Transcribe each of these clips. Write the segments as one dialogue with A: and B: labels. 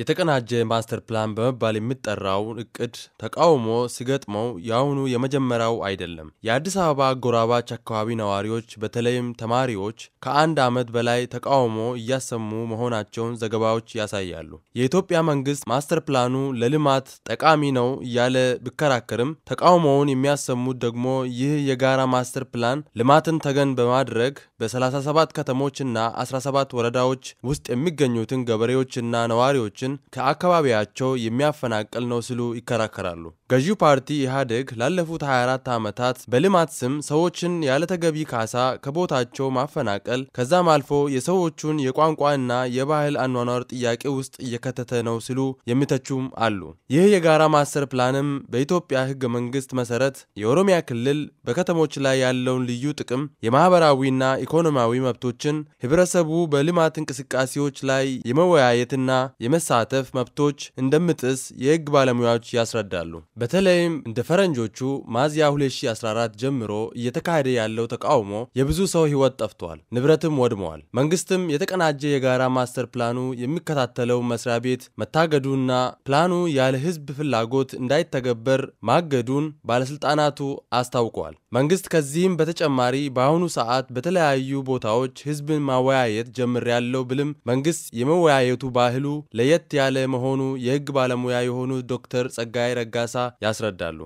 A: የተቀናጀ ማስተር ፕላን በመባል የሚጠራው እቅድ ተቃውሞ ሲገጥመው የአሁኑ የመጀመሪያው አይደለም። የአዲስ አበባ አጎራባች አካባቢ ነዋሪዎች በተለይም ተማሪዎች ከአንድ ዓመት በላይ ተቃውሞ እያሰሙ መሆናቸውን ዘገባዎች ያሳያሉ። የኢትዮጵያ መንግስት ማስተር ፕላኑ ለልማት ጠቃሚ ነው እያለ ቢከራከርም ተቃውሞውን የሚያሰሙት ደግሞ ይህ የጋራ ማስተር ፕላን ልማትን ተገን በማድረግ በ37 ከተሞችና 17 ወረዳዎች ውስጥ የሚገኙትን ገበሬዎችና ነዋሪዎችን ነዋሪዎችን ከአካባቢያቸው የሚያፈናቅል ነው ሲሉ ይከራከራሉ። ገዢው ፓርቲ ኢህአዴግ ላለፉት 24 ዓመታት በልማት ስም ሰዎችን ያለተገቢ ካሳ ከቦታቸው ማፈናቀል ከዛም አልፎ የሰዎቹን የቋንቋና የባህል አኗኗር ጥያቄ ውስጥ እየከተተ ነው ሲሉ የሚተቹም አሉ። ይህ የጋራ ማስተር ፕላንም በኢትዮጵያ ሕገ መንግስት መሰረት የኦሮሚያ ክልል በከተሞች ላይ ያለውን ልዩ ጥቅም፣ የማህበራዊና ኢኮኖሚያዊ መብቶችን ህብረተሰቡ በልማት እንቅስቃሴዎች ላይ የመወያየትና የመሳ የመሳተፍ መብቶች እንደምጥስ የህግ ባለሙያዎች ያስረዳሉ። በተለይም እንደ ፈረንጆቹ ማዚያ 2014 ጀምሮ እየተካሄደ ያለው ተቃውሞ የብዙ ሰው ህይወት ጠፍቷል፣ ንብረትም ወድመዋል። መንግስትም የተቀናጀ የጋራ ማስተር ፕላኑ የሚከታተለው መስሪያ ቤት መታገዱና ፕላኑ ያለ ህዝብ ፍላጎት እንዳይተገበር ማገዱን ባለስልጣናቱ አስታውቋል። መንግስት ከዚህም በተጨማሪ በአሁኑ ሰዓት በተለያዩ ቦታዎች ህዝብን ማወያየት ጀምር ያለው ብልም መንግስት የመወያየቱ ባህሉ ለየት ያለ መሆኑ የህግ ባለሙያ የሆኑ ዶክተር ጸጋይ ረጋሳ ያስረዳሉ።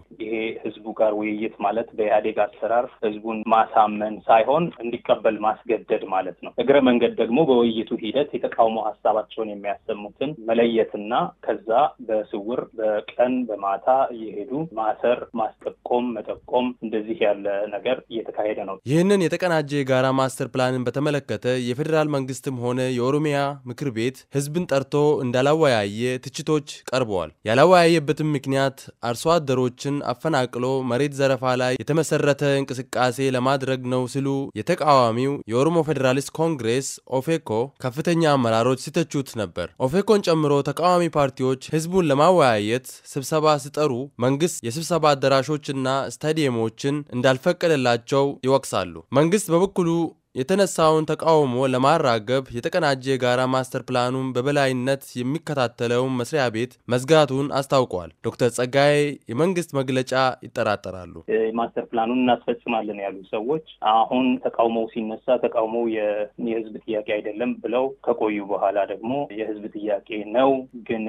B: ጋር ውይይት ማለት በኢህአዴግ አሰራር ህዝቡን ማሳመን ሳይሆን እንዲቀበል ማስገደድ ማለት ነው። እግረ መንገድ ደግሞ በውይይቱ ሂደት የተቃውሞ ሀሳባቸውን የሚያሰሙትን መለየትና ከዛ በስውር በቀን በማታ እየሄዱ ማሰር፣ ማስጠቆም፣ መጠቆም እንደዚህ ያለ ነገር እየተካሄደ ነው።
A: ይህንን የተቀናጀ የጋራ ማስተር ፕላንን በተመለከተ የፌዴራል መንግስትም ሆነ የኦሮሚያ ምክር ቤት ህዝብን ጠርቶ እንዳላወያየ ትችቶች ቀርበዋል። ያላወያየበትም ምክንያት አርሶ አደሮችን አፈናቅሎ መሬት ዘረፋ ላይ የተመሰረተ እንቅስቃሴ ለማድረግ ነው ሲሉ የተቃዋሚው የኦሮሞ ፌዴራሊስት ኮንግሬስ ኦፌኮ ከፍተኛ አመራሮች ሲተቹት ነበር። ኦፌኮን ጨምሮ ተቃዋሚ ፓርቲዎች ህዝቡን ለማወያየት ስብሰባ ሲጠሩ መንግስት የስብሰባ አዳራሾችና ስታዲየሞችን እንዳልፈቀደላቸው ይወቅሳሉ። መንግስት በበኩሉ የተነሳውን ተቃውሞ ለማራገብ የተቀናጀ የጋራ ማስተር ፕላኑን በበላይነት የሚከታተለውን መስሪያ ቤት መዝጋቱን አስታውቋል። ዶክተር ጸጋዬ የመንግስት መግለጫ ይጠራጠራሉ።
B: ማስተር ፕላኑን እናስፈጽማለን ያሉ ሰዎች አሁን ተቃውሞው ሲነሳ ተቃውሞው የህዝብ ጥያቄ አይደለም ብለው ከቆዩ በኋላ ደግሞ የህዝብ ጥያቄ ነው ግን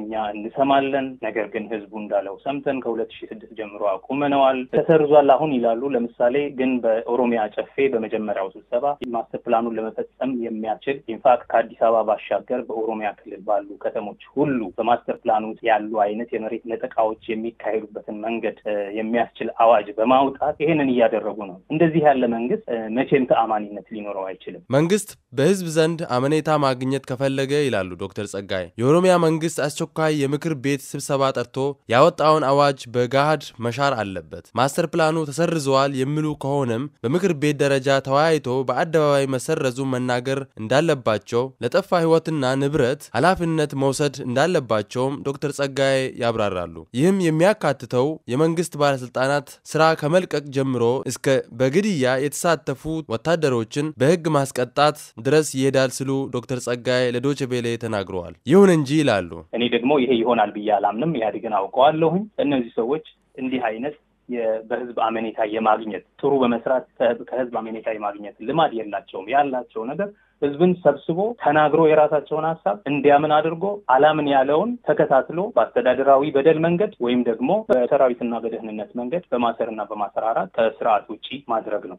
B: እኛ እንሰማለን፣ ነገር ግን ህዝቡ እንዳለው ሰምተን ከሁለት ሺህ ስድስት ጀምሮ አቁመነዋል፣ ተሰርዟል አሁን ይላሉ። ለምሳሌ ግን በኦሮሚያ ጨፌ በመጀመሪያው ስብሰባ ማስተር ፕላኑን ለመፈጸም የሚያስችል ኢንፋክት ከአዲስ አበባ ባሻገር በኦሮሚያ ክልል ባሉ ከተሞች ሁሉ በማስተር ፕላኑ ያሉ አይነት የመሬት ነጠቃዎች የሚካሄዱበትን መንገድ የሚያስችል አዋጅ በማውጣት ይህንን እያደረጉ ነው። እንደዚህ ያለ መንግስት መቼም ተአማኒነት ሊኖረው አይችልም።
A: መንግስት በህዝብ ዘንድ አመኔታ ማግኘት ከፈለገ ይላሉ ዶክተር ጸጋይ የኦሮሚያ መንግስት አስቸኳይ የምክር ቤት ስብሰባ ጠርቶ ያወጣውን አዋጅ በጋሃድ መሻር አለበት። ማስተር ፕላኑ ተሰርዘዋል የሚሉ ከሆነም በምክር ቤት ደረጃ ተወያይቶ በአደባባይ መሰረዙ መናገር እንዳለባቸው፣ ለጠፋ ህይወትና ንብረት ኃላፊነት መውሰድ እንዳለባቸውም ዶክተር ጸጋዬ ያብራራሉ። ይህም የሚያካትተው የመንግስት ባለስልጣናት ስራ ከመልቀቅ ጀምሮ እስከ በግድያ የተሳተፉ ወታደሮችን በህግ ማስቀጣት ድረስ ይሄዳል ሲሉ ዶክተር ጸጋዬ ለዶቼ ቬሌ ተናግረዋል። ይሁን እንጂ ይላሉ፣
B: እኔ ደግሞ ይሄ ይሆናል ብዬ አላምንም። ኢህአዴግን አውቀዋለሁኝ። እነዚህ ሰዎች እንዲህ አይነት በህዝብ አመኔታ የማግኘት ጥሩ በመስራት ከህዝብ አመኔታ የማግኘት ልማድ የላቸውም። ያላቸው ነገር ህዝብን ሰብስቦ ተናግሮ የራሳቸውን ሀሳብ እንዲያምን አድርጎ አላምን ያለውን ተከታትሎ በአስተዳደራዊ በደል መንገድ ወይም ደግሞ በሰራዊትና በደህንነት መንገድ በማሰርና በማሰራራት ከስርዓት ውጪ ማድረግ ነው።